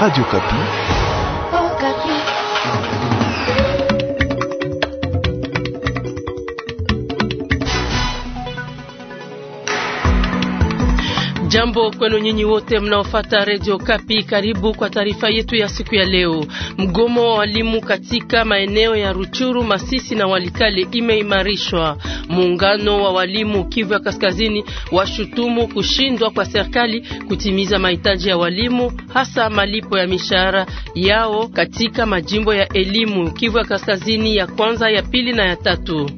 Radio Kapi. Jambo kwenu nyinyi wote mnaofata redio Kapi, karibu kwa taarifa yetu ya siku ya leo. Mgomo wa walimu katika maeneo ya Ruchuru, Masisi na Walikale imeimarishwa. Muungano wa walimu Kivu ya Kaskazini washutumu kushindwa kwa serikali kutimiza mahitaji ya walimu, hasa malipo ya mishahara yao katika majimbo ya elimu Kivu ya Kaskazini, ya kwanza, ya pili na ya tatu.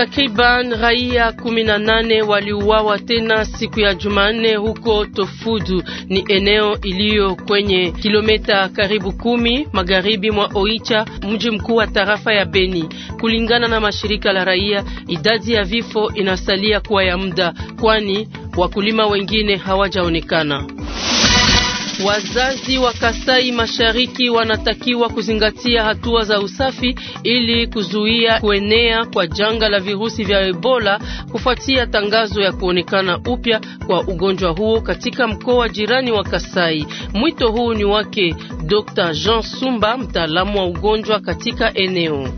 Takriban raia 18 waliuawa tena siku ya Jumanne huko Tofudu, ni eneo iliyo kwenye kilomita karibu kumi magharibi mwa Oicha, mji mkuu wa tarafa ya Beni. Kulingana na mashirika la raia, idadi ya vifo inasalia kuwa ya muda, kwani wakulima wengine hawajaonekana. Wazazi wa Kasai Mashariki wanatakiwa kuzingatia hatua za usafi ili kuzuia kuenea kwa janga la virusi vya Ebola kufuatia tangazo ya kuonekana upya kwa ugonjwa huo katika mkoa jirani wa Kasai. Mwito huu ni wake Dr. Jean Sumba mtaalamu wa ugonjwa katika eneo.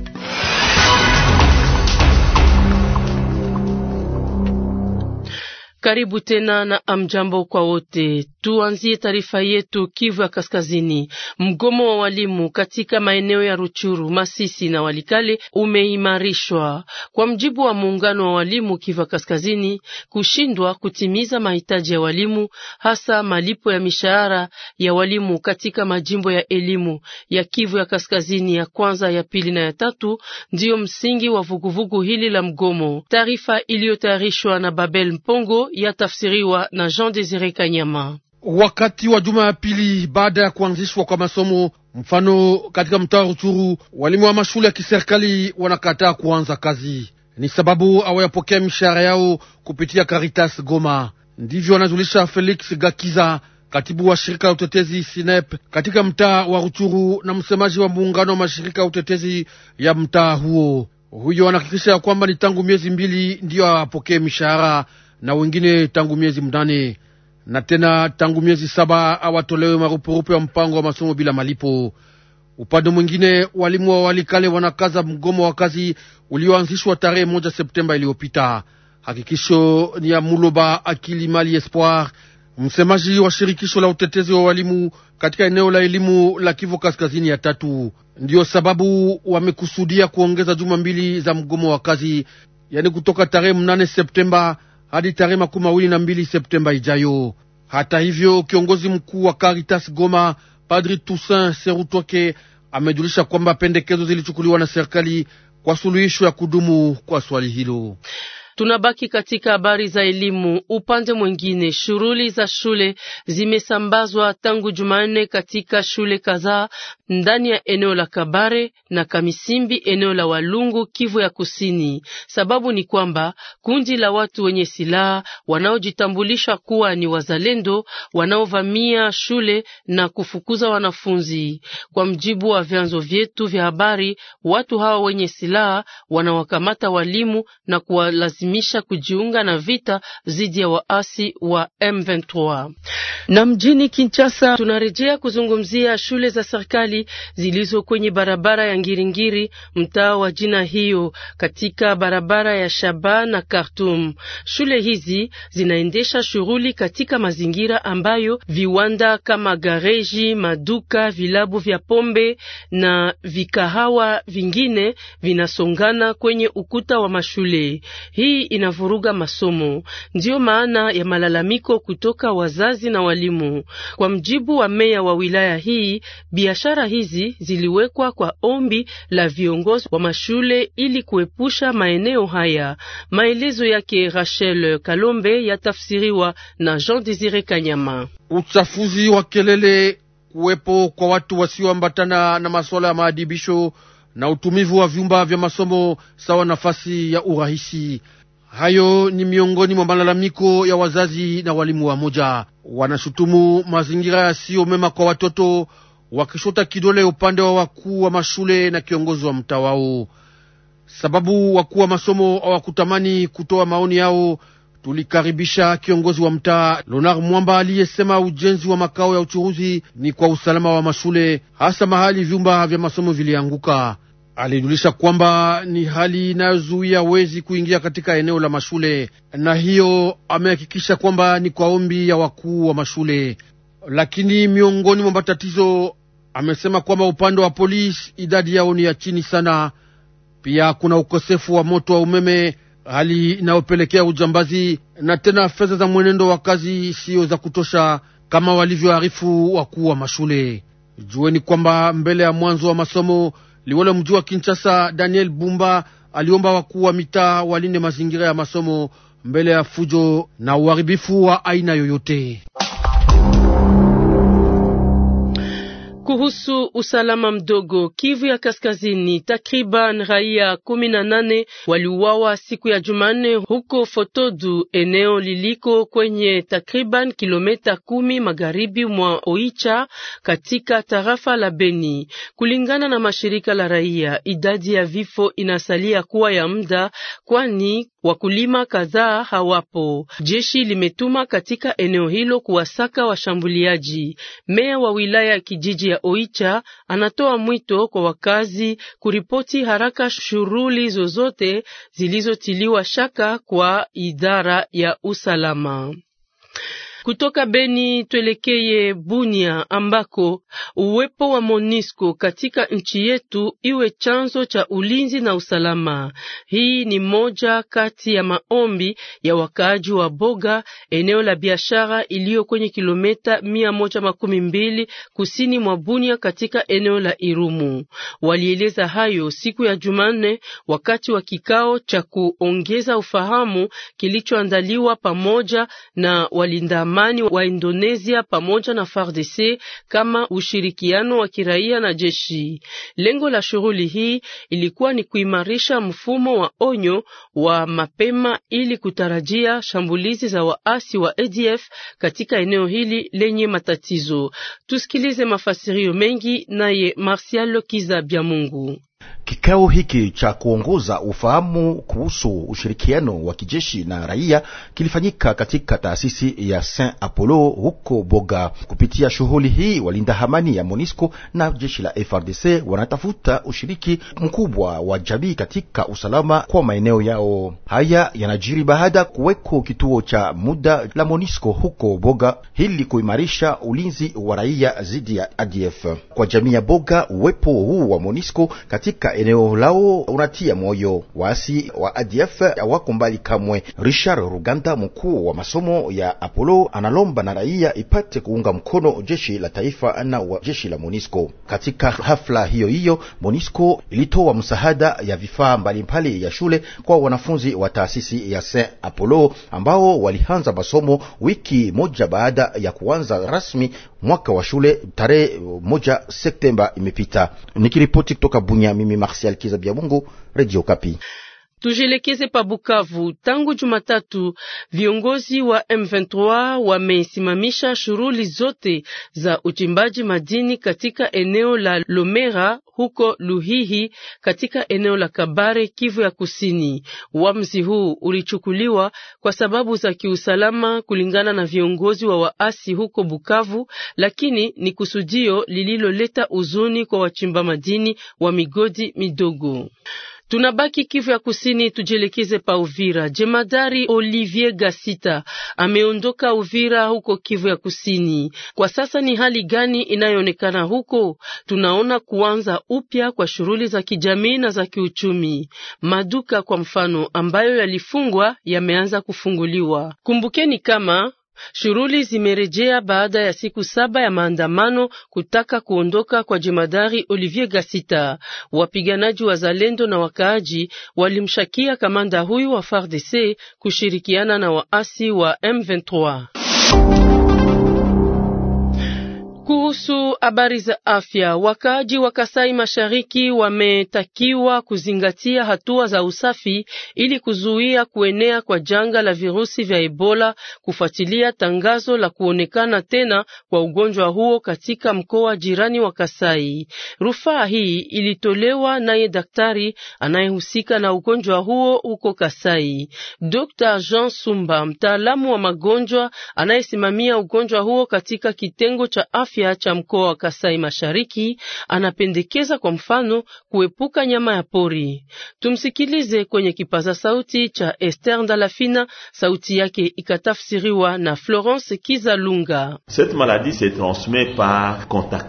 Karibu tena na amjambo kwa wote. Tuanzie taarifa yetu Kivu ya Kaskazini. Mgomo wa walimu katika maeneo ya Ruchuru, Masisi na Walikale umeimarishwa kwa mjibu wa muungano wa walimu Kivu ya Kaskazini. Kushindwa kutimiza mahitaji ya walimu, hasa malipo ya mishahara ya walimu katika majimbo ya elimu ya Kivu ya Kaskazini ya kwanza, ya pili na ya tatu, ndiyo msingi wa vuguvugu hili la mgomo. Taarifa iliyotayarishwa na Babel Mpongo yatafsiriwa na Jean Desire Kanyama. Wakati wa pili baada ya kuanzishwa kwa masomo mfano katika mtaa Ruchuru, walimu wa mashule ya kiserikali wanakataa kuanza kazi, ni sababu hawayapokea mishahara yao kupitia Caritas Goma. Ndivyo anajulisha Felix Gakiza, katibu wa shirika la utetezi Sinep katika mtaa wa Ruchuru na msemaji wa muungano wa mashirika ya utetezi ya mtaa huo. Huyo anahakikisha ya kwamba ni tangu miezi mbili ndiyo hawapokee mishahara na wengine tangu miezi mnane na tena tangu miezi saba awatolewe marupurupu ya mpango wa masomo bila malipo. Upande mwingine, walimu wa Walikale wanakaza mgomo wa kazi ulioanzishwa tarehe moja Septemba iliyopita. Hakikisho ni ya Muloba Akili Mali Espoir, msemaji wa shirikisho la utetezi wa walimu katika eneo la elimu la Kivu Kaskazini ya tatu. Ndiyo sababu wamekusudia kuongeza juma mbili za mgomo wa kazi, yaani kutoka tarehe mnane Septemba hadi tarehe makumi mawili na mbili Septemba ijayo. Hata hivyo, kiongozi mkuu wa Caritas Goma Padri Toussaint serutoke amejulisha kwamba pendekezo zilichukuliwa na serikali kwa suluhisho ya kudumu kwa swali hilo. Tunabaki katika habari za elimu. Upande mwingine, shughuli za shule zimesambazwa tangu Jumanne katika shule kadhaa ndani ya eneo la Kabare na Kamisimbi, eneo la Walungu, Kivu ya Kusini. Sababu ni kwamba kundi la watu wenye silaha wanaojitambulisha kuwa ni wazalendo wanaovamia shule na kufukuza wanafunzi. Kwa mjibu wa vyanzo vyetu vya habari, watu hawa wenye silaha wanawakamata walimu na kuwalazimisha kuwalazimisha kujiunga na vita dhidi ya waasi wa M23. Na mjini Kinshasa tunarejea kuzungumzia shule za serikali zilizo kwenye barabara ya Ngiringiri, mtaa wa jina hiyo katika barabara ya Shaba na Khartoum. Shule hizi zinaendesha shughuli katika mazingira ambayo viwanda kama gareji, maduka, vilabu vya pombe na vikahawa vingine vinasongana kwenye ukuta wa mashule hii hii inavuruga masomo, ndiyo maana ya malalamiko kutoka wazazi na walimu. Kwa mjibu wa meya wa wilaya hii, biashara hizi ziliwekwa kwa ombi la viongozi wa mashule ili kuepusha maeneo haya. Maelezo yake Rachel Kalombe yatafsiriwa na Jean Desire Kanyama. Uchafuzi wa kelele, kuwepo kwa watu wasioambatana na masuala ya maadibisho na utumivu wa vyumba vya masomo sawa nafasi ya urahisi. Hayo ni miongoni mwa malalamiko ya wazazi na walimu wa moja. Wanashutumu mazingira yasiyo mema kwa watoto, wakishota kidole upande wa wakuu wa mashule na kiongozi wa mtaa wao, sababu wakuu wa masomo hawakutamani kutoa maoni yao. Tulikaribisha kiongozi wa mtaa Lonar Mwamba aliyesema ujenzi wa makao ya uchuruzi ni kwa usalama wa mashule, hasa mahali vyumba vya masomo vilianguka alijulisha kwamba ni hali inayozuia wezi kuingia katika eneo la mashule, na hiyo amehakikisha kwamba ni kwa ombi ya wakuu wa mashule. Lakini miongoni mwa matatizo, amesema kwamba upande wa polisi idadi yao ni ya chini sana. Pia kuna ukosefu wa moto wa umeme, hali inayopelekea ujambazi, na tena fedha za mwenendo wa kazi siyo za kutosha kama walivyoarifu wakuu wa mashule. Jueni kwamba mbele ya mwanzo wa masomo Liwalo mji wa Kinshasa, Daniel Bumba aliomba wakuu wa mitaa walinde mazingira ya masomo mbele ya fujo na uharibifu wa aina yoyote. Kuhusu usalama mdogo Kivu ya Kaskazini, takriban raia kumi na nane waliuawa siku ya Jumanne huko Fotodu, eneo liliko kwenye takriban kilomita kumi magharibi mwa Oicha katika tarafa la Beni. Kulingana na mashirika la raia, idadi ya vifo inasalia kuwa ya muda, kwani Wakulima kadhaa hawapo. Jeshi limetuma katika eneo hilo kuwasaka washambuliaji. Meya wa wilaya ya kijiji ya Oicha anatoa mwito kwa wakazi kuripoti haraka shughuli zozote zilizotiliwa shaka kwa idara ya usalama. Kutoka Beni tuelekeye Bunia ambako uwepo wa Monisco katika nchi yetu iwe chanzo cha ulinzi na usalama. Hii ni moja kati ya maombi ya wakaaji wa Boga, eneo la biashara iliyo kwenye kilometa mia moja makumi mbili kusini mwa Bunia katika eneo la Irumu. Walieleza hayo siku ya Jumanne wakati wa kikao cha kuongeza ufahamu kilichoandaliwa pamoja na walinda amani wa Indonesia pamoja na FARDC kama ushirikiano wa kiraia na jeshi. Lengo la shughuli hii ilikuwa ni kuimarisha mfumo wa onyo wa mapema ili kutarajia shambulizi za waasi wa ADF katika eneo hili lenye matatizo. Tusikilize mafasirio mengi naye Martial Kiza Byamungu. Kikao hiki cha kuongoza ufahamu kuhusu ushirikiano wa kijeshi na raia kilifanyika katika taasisi ya Saint Apollo huko Boga. Kupitia shughuli hii, walinda amani ya Monisco na jeshi la FRDC wanatafuta ushiriki mkubwa wa jamii katika usalama kwa maeneo yao. Haya yanajiri baada kuweko kituo cha muda la Monisco huko Boga ili kuimarisha ulinzi wa raia dhidi ya ADF kwa jamii ya Boga. Uwepo huu wa Monisco katika katika eneo lao unatia moyo. Waasi wa ADF hawako mbali kamwe. Richard Ruganda, mkuu wa masomo ya Apollo, analomba na raia ipate kuunga mkono jeshi la taifa na wa jeshi la Monisco. Katika hafla hiyo hiyo, Monisco ilitoa msaada ya vifaa mbalimbali ya shule kwa wanafunzi wa taasisi ya Saint Apollo ambao walianza masomo wiki moja baada ya kuanza rasmi mwaka wa shule tarehe moja Septemba imepita. Nikiripoti kutoka Bunya, mimi Marsial Kiza Biamungu, Radio Kapi. Tujielekeze pa Bukavu. Tangu Jumatatu, viongozi wa M23 wamesimamisha shughuli zote za uchimbaji madini katika eneo la Lomera huko Luhihi katika eneo la Kabare, Kivu ya Kusini. Uamuzi huu ulichukuliwa kwa sababu za kiusalama kulingana na viongozi wa waasi huko Bukavu, lakini ni kusudio lililoleta uzuni kwa wachimba madini wa migodi midogo. Tunabaki Kivu ya Kusini, tujielekeze pa Uvira. Jemadari Olivier Gasita ameondoka Uvira huko Kivu ya Kusini. Kwa sasa ni hali gani inayoonekana huko? Tunaona kuanza upya kwa shughuli za kijamii na za kiuchumi. Maduka kwa mfano ambayo yalifungwa yameanza kufunguliwa. Kumbukeni kama Shughuli zimerejea baada ya siku saba ya maandamano kutaka kuondoka kwa jemadari Olivier Gasita. Wapiganaji wa Zalendo na wakaaji walimshakia kamanda huyu wa FARDC kushirikiana na waasi wa M23. Kuhusu habari za afya, wakaaji wa Kasai Mashariki wametakiwa kuzingatia hatua za usafi ili kuzuia kuenea kwa janga la virusi vya Ebola, kufuatilia tangazo la kuonekana tena kwa ugonjwa huo katika mkoa jirani wa Kasai. Rufaa hii ilitolewa naye daktari anayehusika na ugonjwa huo huko Kasai, Dr. Jean Sumba, mtaalamu wa magonjwa anayesimamia ugonjwa huo katika kitengo cha afya cha mkoa wa Kasai Mashariki anapendekeza kwa mfano kuepuka nyama ya pori. Tumsikilize kwenye kipaza sauti cha Esther Ndalafina, sauti yake ikatafsiriwa na Florence Kizalunga.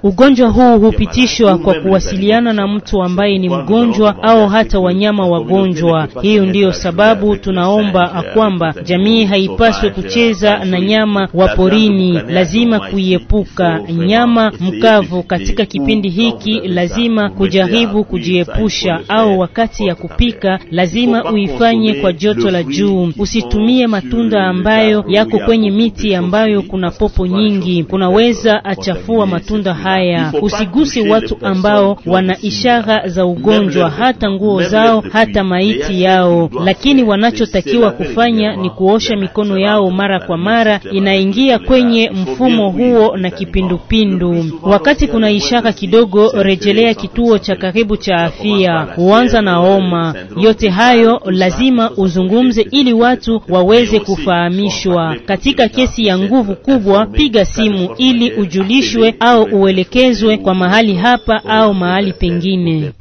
Ugonjwa huu hupitishwa kwa kuwasiliana na mtu ambaye ni mgonjwa au hata wanyama wagonjwa. Hiyo ndiyo sababu tunaomba kwamba jamii haipaswe kucheza na nyama wa porini, lazima kuiepuka nyama nyama mkavu katika kipindi hiki, lazima kujaribu kujiepusha, au wakati ya kupika lazima uifanye kwa joto la juu. Usitumie matunda ambayo yako kwenye miti ambayo kuna popo nyingi, kunaweza achafua matunda haya. Usiguse watu ambao wana ishara za ugonjwa, hata nguo zao, hata maiti yao. Lakini wanachotakiwa kufanya ni kuosha mikono yao mara kwa mara. Inaingia kwenye mfumo huo na kipindupindu. Kindu. Wakati kuna ishara kidogo, rejelea kituo cha karibu cha afya, huanza na homa. Yote hayo lazima uzungumze ili watu waweze kufahamishwa. Katika kesi ya nguvu kubwa, piga simu ili ujulishwe au uelekezwe kwa mahali hapa au mahali pengine.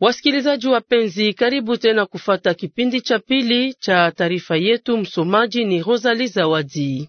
Wasikilizaji wapenzi, karibu tena kufata kipindi cha pili cha taarifa yetu. Msomaji ni Rosalie Zawadi.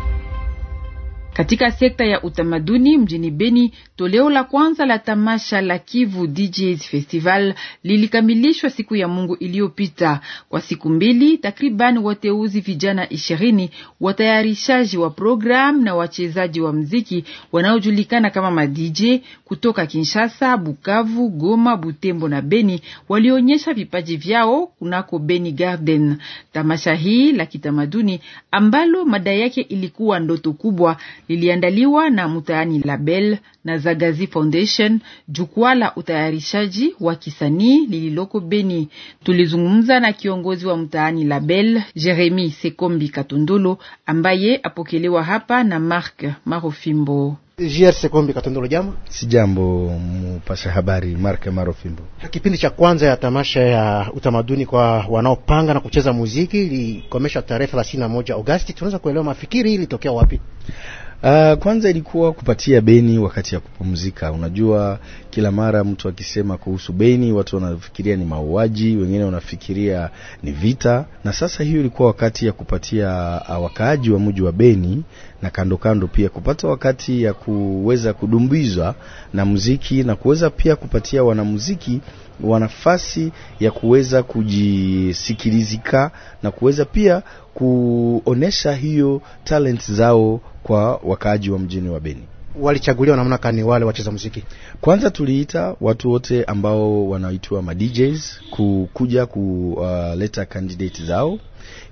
Katika sekta ya utamaduni mjini Beni, toleo la kwanza la tamasha la Kivu DJs Festival lilikamilishwa siku ya Mungu iliyopita. Kwa siku mbili, takriban wateuzi vijana ishirini, watayarishaji wa programu na wachezaji wa mziki wanaojulikana kama madj kutoka Kinshasa, Bukavu, Goma, Butembo na Beni walionyesha vipaji vyao kunako Beni Garden. Tamasha hii la kitamaduni ambalo mada yake ilikuwa ndoto kubwa liliandaliwa na la Label na Zagazi Foundation, jukwaa la utayarishaji wa kisanii lililoko Beni. Tulizungumza na kiongozi wa mtaani la Label, Jeremy Sekombi Katundulu, ambaye apokelewa hapa na Mark Marofimbo. JR Sekombi Katundulu, jambo. Si jambo, mpasha habari Mark Marofimbo. Kipindi cha kwanza ya tamasha ya utamaduni kwa wanaopanga na kucheza muziki ilikomesha tarehe 31 Agosti. Tunaweza kuelewa mafikiri ilitokea wapi? Uh, kwanza ilikuwa kupatia Beni wakati nafasi ya kupumzika. Unajua, kila mara mtu akisema kuhusu Beni watu wanafikiria ni mauaji, wengine wanafikiria ni vita, na sasa hiyo ilikuwa wakati ya kupatia ah, wakaaji wa mji wa Beni na kando kando pia kupata wakati ya kuweza kudumbizwa na muziki na kuweza pia kupatia wanamuziki wa nafasi ya kuweza kujisikilizika na kuweza pia kuonesha hiyo talent zao kwa wakaaji wa mjini wa Beni walichaguliwa namna kani wale wacheza muziki. Kwanza tuliita watu wote ambao wanaitwa ma DJs kukuja kuleta uh, candidate zao.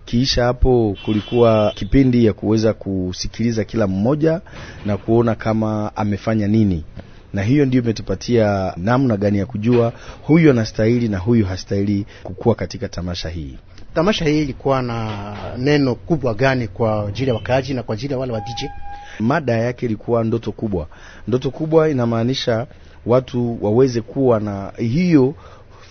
kisha hapo kulikuwa kipindi ya kuweza kusikiliza kila mmoja na kuona kama amefanya nini na hiyo ndio imetupatia namna gani ya kujua huyu anastahili na huyu hastahili kukua katika tamasha hii. Tamasha hii ilikuwa na neno kubwa gani kwa ajili ya wakaaji na kwa ajili ya wale wa DJ? Mada yake ilikuwa ndoto kubwa. Ndoto kubwa inamaanisha watu waweze kuwa na hiyo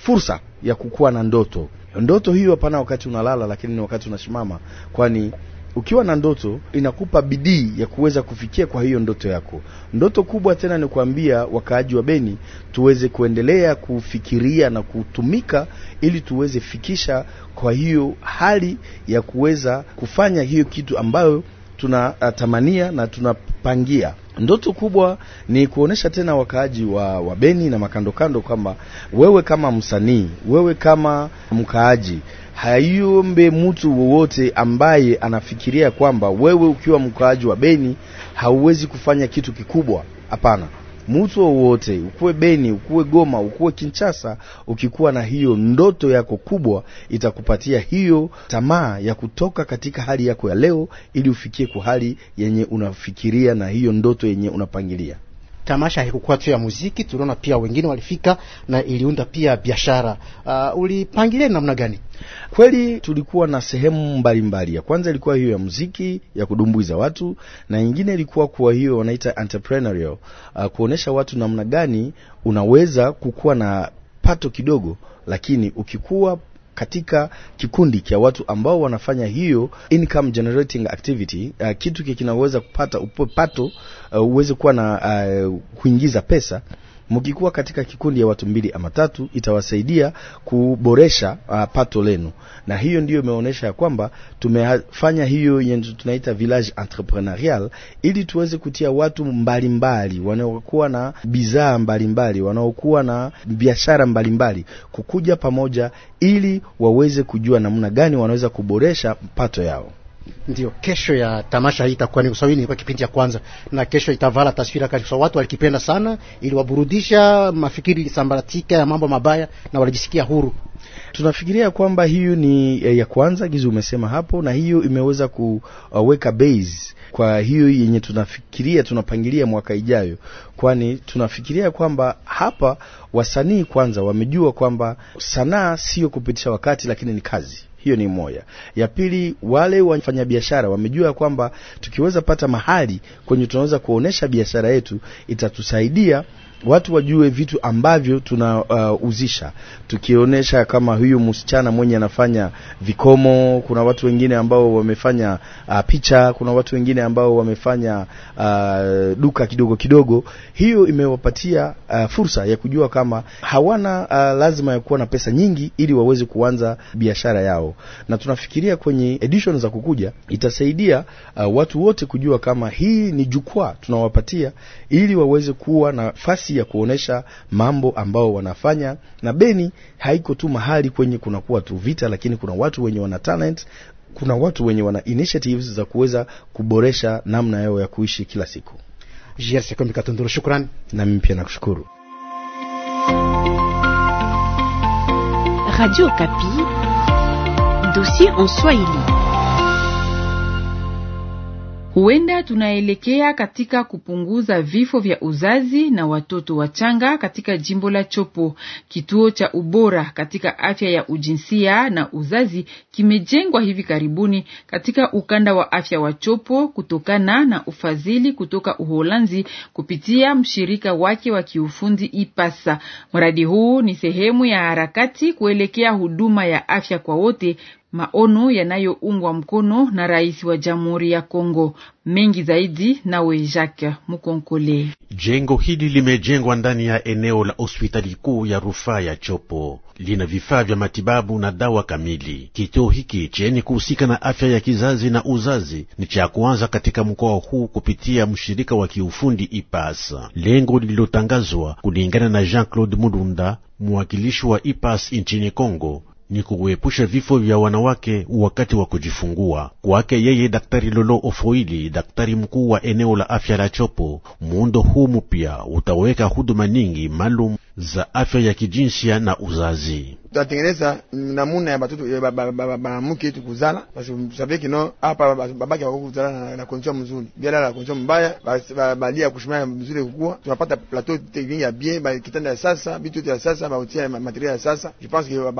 fursa ya kukuwa na ndoto. Ndoto hiyo hapana wakati unalala, lakini ni wakati unasimama, kwani ukiwa na ndoto inakupa bidii ya kuweza kufikia kwa hiyo ndoto yako. Ndoto kubwa tena ni kuambia wakaaji wa Beni tuweze kuendelea kufikiria na kutumika ili tuweze fikisha kwa hiyo hali ya kuweza kufanya hiyo kitu ambayo tunatamania na tunapangia. Ndoto kubwa ni kuonesha tena wakaaji wa, wa Beni na makandokando kwamba wewe kama msanii, wewe kama mkaaji hayombe mtu wowote ambaye anafikiria kwamba wewe ukiwa mkaaji wa Beni hauwezi kufanya kitu kikubwa. Hapana. Mtu wowote ukuwe Beni, ukuwe Goma, ukuwe Kinshasa, ukikuwa na hiyo ndoto yako kubwa, itakupatia hiyo tamaa ya kutoka katika hali yako ya leo, ili ufikie kwa hali yenye unafikiria na hiyo ndoto yenye unapangilia tamasha haikukuwa tu ya muziki, tuliona pia wengine walifika na iliunda pia biashara. Uh, ulipangilia namna gani? Kweli tulikuwa na sehemu mbalimbali mbali. Ya kwanza ilikuwa hiyo ya muziki ya kudumbuiza watu, na nyingine ilikuwa kuwa hiyo wanaita entrepreneurial, uh, kuonesha watu namna gani unaweza kukuwa na pato kidogo lakini ukikuwa katika kikundi cha watu ambao wanafanya hiyo income generating activity uh, kitu kinaweza kupata upato uh, uweze kuwa na uh, kuingiza pesa mkikuwa katika kikundi ya watu mbili ama tatu, itawasaidia kuboresha uh, pato lenu, na hiyo ndiyo imeonyesha ya kwamba tumefanya hiyo yenye tunaita village entrepreneurial, ili tuweze kutia watu mbalimbali wanaokuwa na bidhaa mbalimbali, wanaokuwa na biashara mbalimbali kukuja pamoja, ili waweze kujua namna gani wanaweza kuboresha pato yao. Ndio, kesho ya tamasha hii itakuwa ni usawini, kwa kipindi cha kwanza, na kesho itavala taswira kali, kwa watu walikipenda sana, ili waburudisha mafikiri sambaratika ya mambo mabaya na walijisikia huru. Tunafikiria kwamba hiyo ni eh, ya kwanza gizi umesema hapo, na hiyo imeweza kuweka base kwa hiyo yenye tunafikiria tunapangilia mwaka ijayo, kwani tunafikiria kwamba hapa wasanii kwanza wamejua kwamba sanaa sio kupitisha wakati, lakini ni kazi hiyo ni moja. Ya pili, wale wafanyabiashara wamejua kwamba tukiweza pata mahali kwenye tunaweza kuonesha biashara yetu itatusaidia watu wajue vitu ambavyo tunauzisha uh, tukionyesha kama huyu msichana mwenye anafanya vikomo. Kuna watu wengine ambao wamefanya uh, picha. Kuna watu wengine ambao wamefanya uh, duka kidogo kidogo. Hiyo imewapatia uh, fursa ya kujua kama hawana uh, lazima ya kuwa na pesa nyingi ili waweze kuanza biashara yao, na tunafikiria kwenye edition za kukuja itasaidia uh, watu wote kujua kama hii ni jukwaa tunawapatia ili waweze kuwa na fasi nafasi ya kuonesha mambo ambao wanafanya, na Beni haiko tu mahali kwenye kunakuwa tu vita, lakini kuna watu wenye wana talent kuna watu wenye wana initiatives za kuweza kuboresha namna yao ya kuishi kila siku. Katunduru, shukrani. Na mimi pia nakushukuru. Radio Kapi, dossier en Swahili. Huenda tunaelekea katika kupunguza vifo vya uzazi na watoto wachanga katika jimbo la Chopo. Kituo cha ubora katika afya ya ujinsia na uzazi kimejengwa hivi karibuni katika ukanda wa afya wa Chopo kutokana na ufadhili kutoka Uholanzi kupitia mshirika wake wa kiufundi IPASA. Mradi huu ni sehemu ya harakati kuelekea huduma ya afya kwa wote maono yanayoungwa mkono na rais wa Jamhuri ya Kongo. Mengi zaidi nawe Jacques Mukonkole. Jengo hili limejengwa ndani ya eneo la hospitali kuu ya rufaa ya Chopo, lina vifaa vya matibabu na dawa kamili. Kituo hiki chenye kuhusika na afya ya kizazi na uzazi ni cha kuanza katika mkoa huu kupitia mshirika wa kiufundi IPAS, lengo lililotangazwa kulingana na Jean Claude mulunda mwakilishi wa IPAS nchini Kongo ni kuepusha vifo vya wanawake wakati wa kujifungua. Kwake yeye Daktari Lolo Ofoili, daktari mkuu wa eneo la afya la Chopo, muundo huu mpya utaweka huduma nyingi maalum za afya ya kijinsia na uzazi. Tutatengeneza namuna ya batoto banamuke tu kuzala basi savie kino hapa babaki wako kuzala na kondition mzuri, bila la kondition mbaya balia kushimaya mzuri kukua. Tunapata plateau technique ya bien, kitanda ya sasa, bitu ya sasa, bautia material ya sasa. Je pense que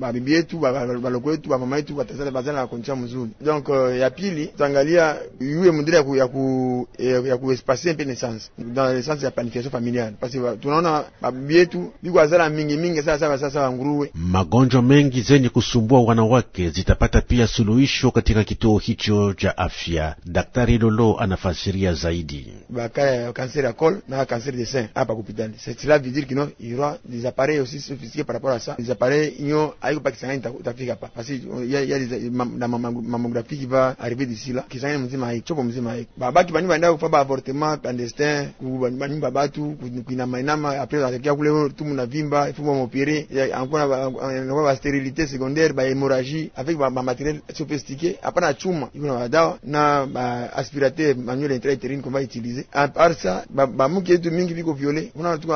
babibi yetu baloko yetu bamama yetu batazala bazala na kondition mzuri. Donc ya pili tutaangalia yule mundele ya ku ya kuespacer mpe naissance dans le sens ya planification familiale parce que tunaona byetu biko azala mingi mingi sana sana sasa wa nguruwe. Magonjwa mengi zenye kusumbua wanawake zitapata pia suluhisho katika kituo hicho cha afya. Daktari Lolo anafasiria zaidi bakaya kanseri ya kol na kanseri de sein hapa kupitani c'est cela veut dire que non il y aura des appareils aussi sophistiqués par rapport à ça des appareils nyo aiko pa kisangani tafika pa parce que euh, ya ya euh, na mammographie qui va arriver d'ici là kisangani mzima haiko chopo mzima haiko babaki banyumba ndao kufa ba avortement clandestin ku bani batu kuinama mainama après la kule tu munavimba ifo bamopere encore basterilité secondaire hémorragie avec bamateriel sophistiqué hapana chuma iko na badawa na baaspirateur manuel va utiliser utilize part ça bamuki yetu mingi viko viole unaona tuko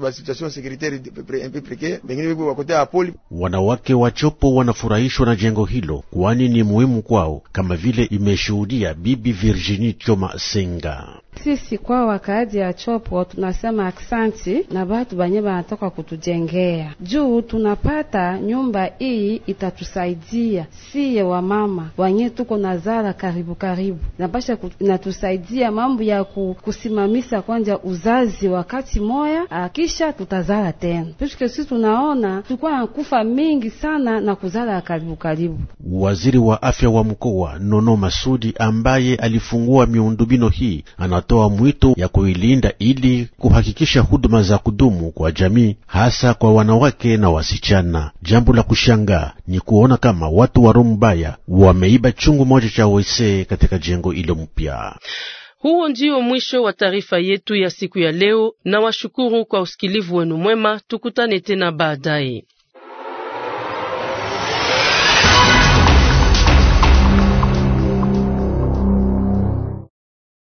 basituation sécuritaire un peu précaire bengine viko bakotea apoli. Wanawake wachopo wanafurahishwa na jengo hilo, kwani ni muhimu kwao, kama vile imeshuhudia Bibi Virginie Choma Senga sisi kwa wakaaji ya Chopo tunasema aksanti na batu banye banatoka kutujengea juu tunapata nyumba hii, itatusaidia siye wa mama wanye tuko nazala karibu karibu, napasha inatusaidia mambo ya kusimamisa kwanja uzazi wakati moya, akisha ah, tutazala tena, puisque sisi tunaona tulikuwa nakufa mingi sana na kuzala karibu karibu. Waziri wa afya wa mkoa Nono Masudi ambaye alifungua miundombino hii ana anatoa mwito ya kuilinda ili kuhakikisha huduma za kudumu kwa jamii, hasa kwa wanawake na wasichana. Jambo la kushangaa ni kuona kama watu wa baya wameiba chungu moja cha wese katika jengo hilo mpya. Huo ndio mwisho wa taarifa yetu ya siku ya leo, na washukuru kwa usikilivu wenu mwema. Tukutane tena baadaye.